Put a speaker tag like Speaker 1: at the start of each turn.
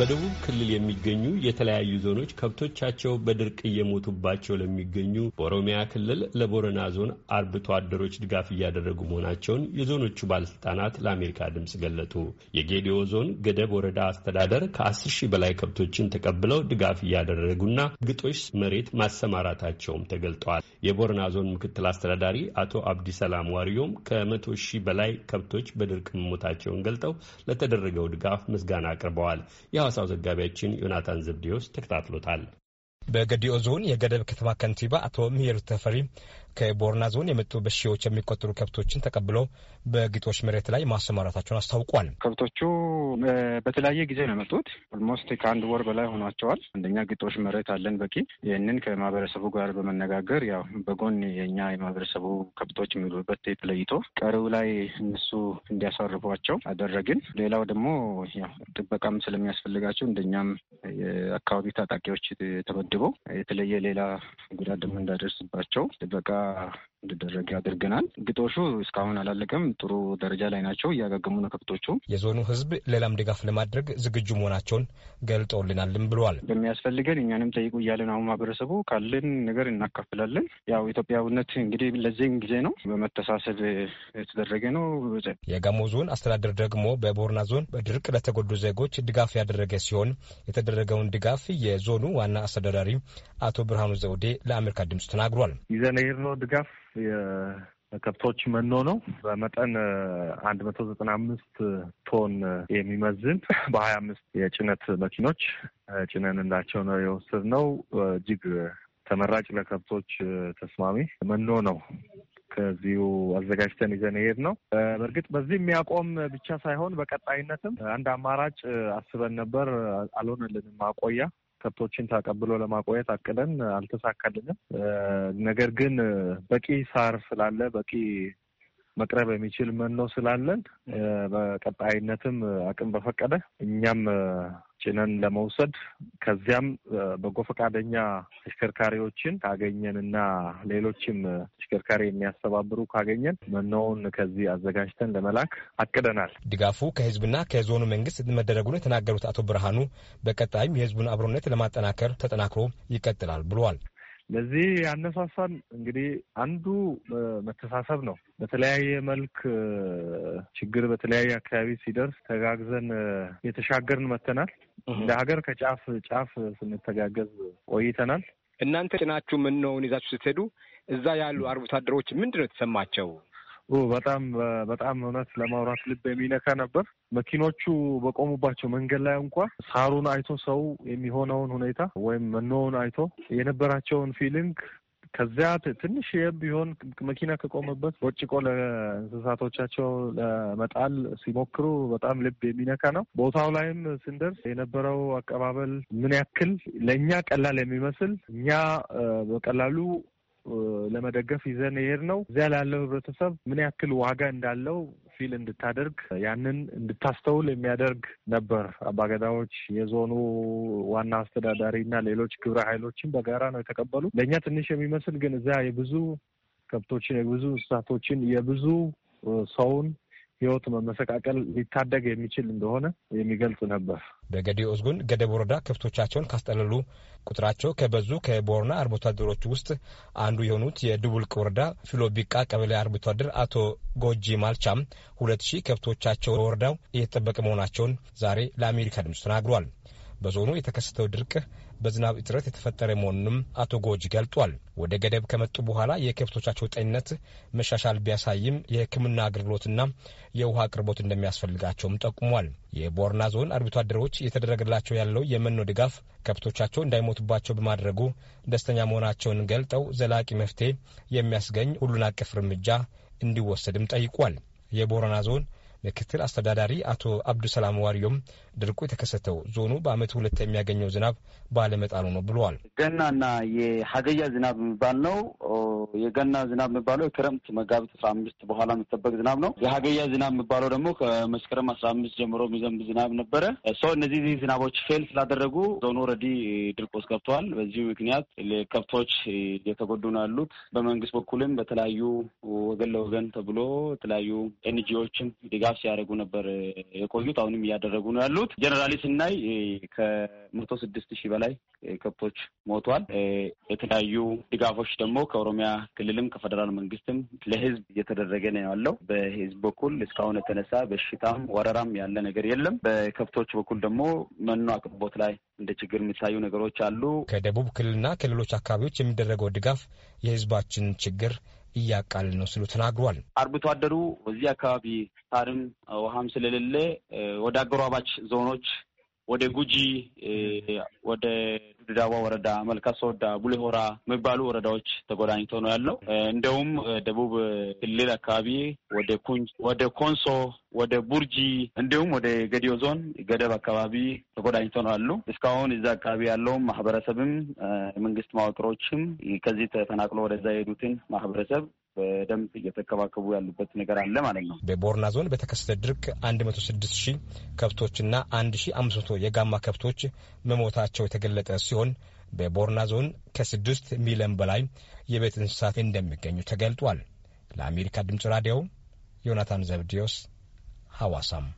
Speaker 1: በደቡብ ክልል የሚገኙ የተለያዩ ዞኖች ከብቶቻቸው በድርቅ እየሞቱባቸው ለሚገኙ በኦሮሚያ ክልል ለቦረና ዞን አርብቶ አደሮች ድጋፍ እያደረጉ መሆናቸውን የዞኖቹ ባለስልጣናት ለአሜሪካ ድምፅ ገለጡ። የጌዲዮ ዞን ገደብ ወረዳ አስተዳደር ከአስር ሺህ በላይ ከብቶችን ተቀብለው ድጋፍ እያደረጉና ግጦሽ መሬት ማሰማራታቸውም ተገልጠዋል። የቦረና ዞን ምክትል አስተዳዳሪ አቶ አብዲሰላም ዋሪዮም ከመቶ ሺህ በላይ ከብቶች በድርቅ መሞታቸውን ገልጠው ለተደረገው ድጋፍ ምስጋና አቅርበዋል። የሐዋሳው ዘጋቢያችን ዮናታን ዘብዴዎስ ተከታትሎታል።
Speaker 2: በገዲኦ ዞን የገደብ ከተማ ከንቲባ አቶ ምህሩ ተፈሪ ከቦርና ዞን የመጡ በሺዎች የሚቆጠሩ ከብቶችን ተቀብሎ በግጦሽ መሬት ላይ ማሰማራታቸውን አስታውቋል።
Speaker 1: ከብቶቹ በተለያየ ጊዜ ነው የመጡት። ኦልሞስት ከአንድ ወር በላይ ሆኗቸዋል። አንደኛ ግጦሽ መሬት አለን በቂ። ይህንን ከማህበረሰቡ ጋር በመነጋገር ያው በጎን የእኛ የማህበረሰቡ ከብቶች የሚሉበት ተለይቶ ቀሪው ላይ እነሱ እንዲያሳርፏቸው አደረግን። ሌላው ደግሞ ጥበቃም ስለሚያስፈልጋቸው እንደኛም የአካባቢ ታጣቂዎች ተመድበው የተለየ ሌላ ጉዳት ደግሞ እንዳደርስባቸው ጥበቃ uh, እንዲደረግ አድርገናል። ግጦሹ እስካሁን አላለቀም።
Speaker 2: ጥሩ ደረጃ ላይ ናቸው፣ እያጋገሙ ነው ከብቶቹ። የዞኑ ህዝብ ሌላም ድጋፍ ለማድረግ ዝግጁ መሆናቸውን ገልጠውልናልም ብለዋል። በሚያስፈልገን እኛንም ጠይቁ እያለን አሁን ማህበረሰቡ ካለን
Speaker 1: ነገር እናካፍላለን። ያው ኢትዮጵያዊነት እንግዲህ ለዚህም ጊዜ ነው፣ በመተሳሰብ የተደረገ
Speaker 2: ነው። የጋሞ ዞን አስተዳደር ደግሞ በቦርና ዞን በድርቅ ለተጎዱ ዜጎች ድጋፍ ያደረገ ሲሆን የተደረገውን ድጋፍ የዞኑ ዋና አስተዳዳሪ አቶ ብርሃኑ ዘውዴ ለአሜሪካ ድምፅ ተናግሯል።
Speaker 3: ይዘን ድጋፍ የከብቶች መኖ ነው። በመጠን አንድ መቶ ዘጠና አምስት ቶን የሚመዝን በሀያ አምስት የጭነት መኪኖች ጭነንላቸው ነው የወሰድነው። እጅግ ተመራጭ ለከብቶች ተስማሚ መኖ ነው። ከዚሁ አዘጋጅተን ይዘን ይሄድ ነው። በእርግጥ በዚህ የሚያቆም ብቻ ሳይሆን በቀጣይነትም አንድ አማራጭ አስበን ነበር። አልሆነልንም። ማቆያ ከብቶችን ታቀብሎ ለማቆየት አቅደን አልተሳካልንም። ነገር ግን በቂ ሳር ስላለ በቂ መቅረብ የሚችል መኖ ስላለን በቀጣይነትም አቅም በፈቀደ እኛም ጭነን ለመውሰድ ከዚያም በጎ ፈቃደኛ ተሽከርካሪዎችን ካገኘን እና ሌሎችም ተሽከርካሪ የሚያስተባብሩ ካገኘን መኖውን ከዚህ አዘጋጅተን ለመላክ አቅደናል።
Speaker 2: ድጋፉ ከህዝብና ከዞኑ መንግስት መደረጉን የተናገሩት አቶ ብርሃኑ በቀጣይም የህዝቡን አብሮነት ለማጠናከር ተጠናክሮ ይቀጥላል ብሏል።
Speaker 3: ለዚህ ያነሳሳን እንግዲህ አንዱ መተሳሰብ ነው። በተለያየ መልክ ችግር በተለያየ አካባቢ ሲደርስ ተጋግዘን የተሻገርን መተናል። እንደ ሀገር ከጫፍ ጫፍ ስንተጋገዝ
Speaker 2: ቆይተናል። እናንተ ጭናችሁ ምን ነውን ይዛችሁ ስትሄዱ እዛ ያሉ አርብቶ አደሮች ምንድን ነው የተሰማቸው? በጣም
Speaker 3: በጣም እውነት ለማውራት ልብ የሚነካ ነበር። መኪኖቹ በቆሙባቸው መንገድ ላይ እንኳ ሳሩን አይቶ ሰው የሚሆነውን ሁኔታ ወይም መኖውን አይቶ የነበራቸውን ፊሊንግ ከዚያ ትንሽ ቢሆን መኪና ከቆመበት ቦጭቆ ለእንስሳቶቻቸው ለመጣል ሲሞክሩ በጣም ልብ የሚነካ ነው። ቦታው ላይም ስንደርስ የነበረው አቀባበል ምን ያክል ለእኛ ቀላል የሚመስል እኛ በቀላሉ ለመደገፍ ይዘን ይሄድ ነው። እዚያ ላለው ህብረተሰብ ምን ያክል ዋጋ እንዳለው ፊል እንድታደርግ ያንን እንድታስተውል የሚያደርግ ነበር። አባገዳዎች፣ የዞኑ ዋና አስተዳዳሪ እና ሌሎች ግብረ ኃይሎችን በጋራ ነው የተቀበሉ። ለእኛ ትንሽ የሚመስል ግን እዚያ የብዙ ከብቶችን የብዙ እንስሳቶችን የብዙ ሰውን ህይወት መመሰቃቀል ሊታደግ የሚችል እንደሆነ የሚገልጽ ነበር።
Speaker 2: በጌዴኦ ጉን ገደብ ወረዳ ከብቶቻቸውን ካስጠለሉ ቁጥራቸው ከበዙ ከቦርና አርብቶ አደሮች ውስጥ አንዱ የሆኑት የድቡልቅ ወረዳ ፊሎቢቃ ቀበሌ አርብቶ አደር አቶ ጎጂ ማልቻም ሁለት ሺህ ከብቶቻቸው ወረዳው እየተጠበቀ መሆናቸውን ዛሬ ለአሜሪካ ድምፅ ተናግሯል። በዞኑ የተከሰተው ድርቅ በዝናብ እጥረት የተፈጠረ መሆኑንም አቶ ጎጂ ገልጧል። ወደ ገደብ ከመጡ በኋላ የከብቶቻቸው ጤንነት መሻሻል ቢያሳይም የሕክምና አገልግሎትና የውሃ አቅርቦት እንደሚያስፈልጋቸውም ጠቁሟል። የቦርና ዞን አርብቶ አደሮች እየተደረገላቸው ያለው የመኖ ድጋፍ ከብቶቻቸው እንዳይሞቱባቸው በማድረጉ ደስተኛ መሆናቸውን ገልጠው ዘላቂ መፍትሄ የሚያስገኝ ሁሉን አቀፍ እርምጃ እንዲወሰድም ጠይቋል። የቦረና ዞን ምክትል አስተዳዳሪ አቶ አብዱሰላም ዋሪዮም ድርቁ የተከሰተው ዞኑ በአመት ሁለት የሚያገኘው ዝናብ ባለመጣሉ ነው ብለዋል።
Speaker 1: ገናና የሀገያ ዝናብ የሚባል ነው። የገና ዝናብ የሚባለው የክረምት መጋቢት አስራ አምስት በኋላ የሚጠበቅ ዝናብ ነው። የሀገያ ዝናብ የሚባለው ደግሞ ከመስከረም አስራ አምስት ጀምሮ የሚዘንብ ዝናብ ነበረ። ሰው እነዚህ ዝናቦች ፌል ስላደረጉ ዞኑ ረዲ ድርቅ ውስጥ ገብተዋል። በዚሁ ምክንያት ከብቶች እየተጎዱ ነው ያሉት። በመንግስት በኩልም በተለያዩ ወገን ለወገን ተብሎ የተለያዩ ኤንጂዎችም ድጋፍ ፓስ ሲያደርጉ ነበር የቆዩት። አሁንም እያደረጉ ነው ያሉት። ጀነራሊ ስናይ ከመቶ ስድስት ሺህ በላይ ከብቶች ሞቷል። የተለያዩ ድጋፎች ደግሞ ከኦሮሚያ ክልልም ከፌደራል መንግስትም ለህዝብ እየተደረገ ነው ያለው። በህዝብ በኩል እስካሁን የተነሳ በሽታም ወረራም ያለ ነገር የለም። በከብቶች በኩል ደግሞ መኖ አቅርቦት ላይ እንደ ችግር የሚታዩ ነገሮች አሉ።
Speaker 2: ከደቡብ ክልልና ክልሎች አካባቢዎች የሚደረገው ድጋፍ የህዝባችን ችግር እያቃል ነው ስሉ ተናግሯል።
Speaker 1: አርብቶ አደሩ በዚህ አካባቢ ታርም ውሃም ስለሌለ ወደ አጎራባች ዞኖች ወደ ጉጂ ወደ ድዳዋ ወረዳ፣ መልካ ሶወዳ፣ ቡሌሆራ የሚባሉ ወረዳዎች ተጎዳኝቶ ነው ያለው። እንደውም ደቡብ ክልል አካባቢ ወደ ኩንጅ ወደ ኮንሶ ወደ ቡርጂ እንዲሁም ወደ ገዲዮ ዞን ገደብ አካባቢ ተጎዳኝቶ ነው ያሉ። እስካሁን እዛ አካባቢ ያለውም ማህበረሰብም የመንግስት መዋቅሮችም ከዚህ ተፈናቅሎ ወደዛ የሄዱትን ማህበረሰብ በደንብ እየተከባከቡ ያሉበት ነገር አለ ማለት ነው።
Speaker 2: በቦርና ዞን በተከሰተ ድርቅ አንድ መቶ ስድስት ሺህ ከብቶችና አንድ ሺ አምስት የጋማ ከብቶች መሞታቸው የተገለጠ ሲሆን በቦርና ዞን ከስድስት ሚሊዮን በላይ የቤት እንስሳት እንደሚገኙ ተገልጧል። ለአሜሪካ ድምጽ ራዲዮ ዮናታን ዘብዲዮስ ሐዋሳም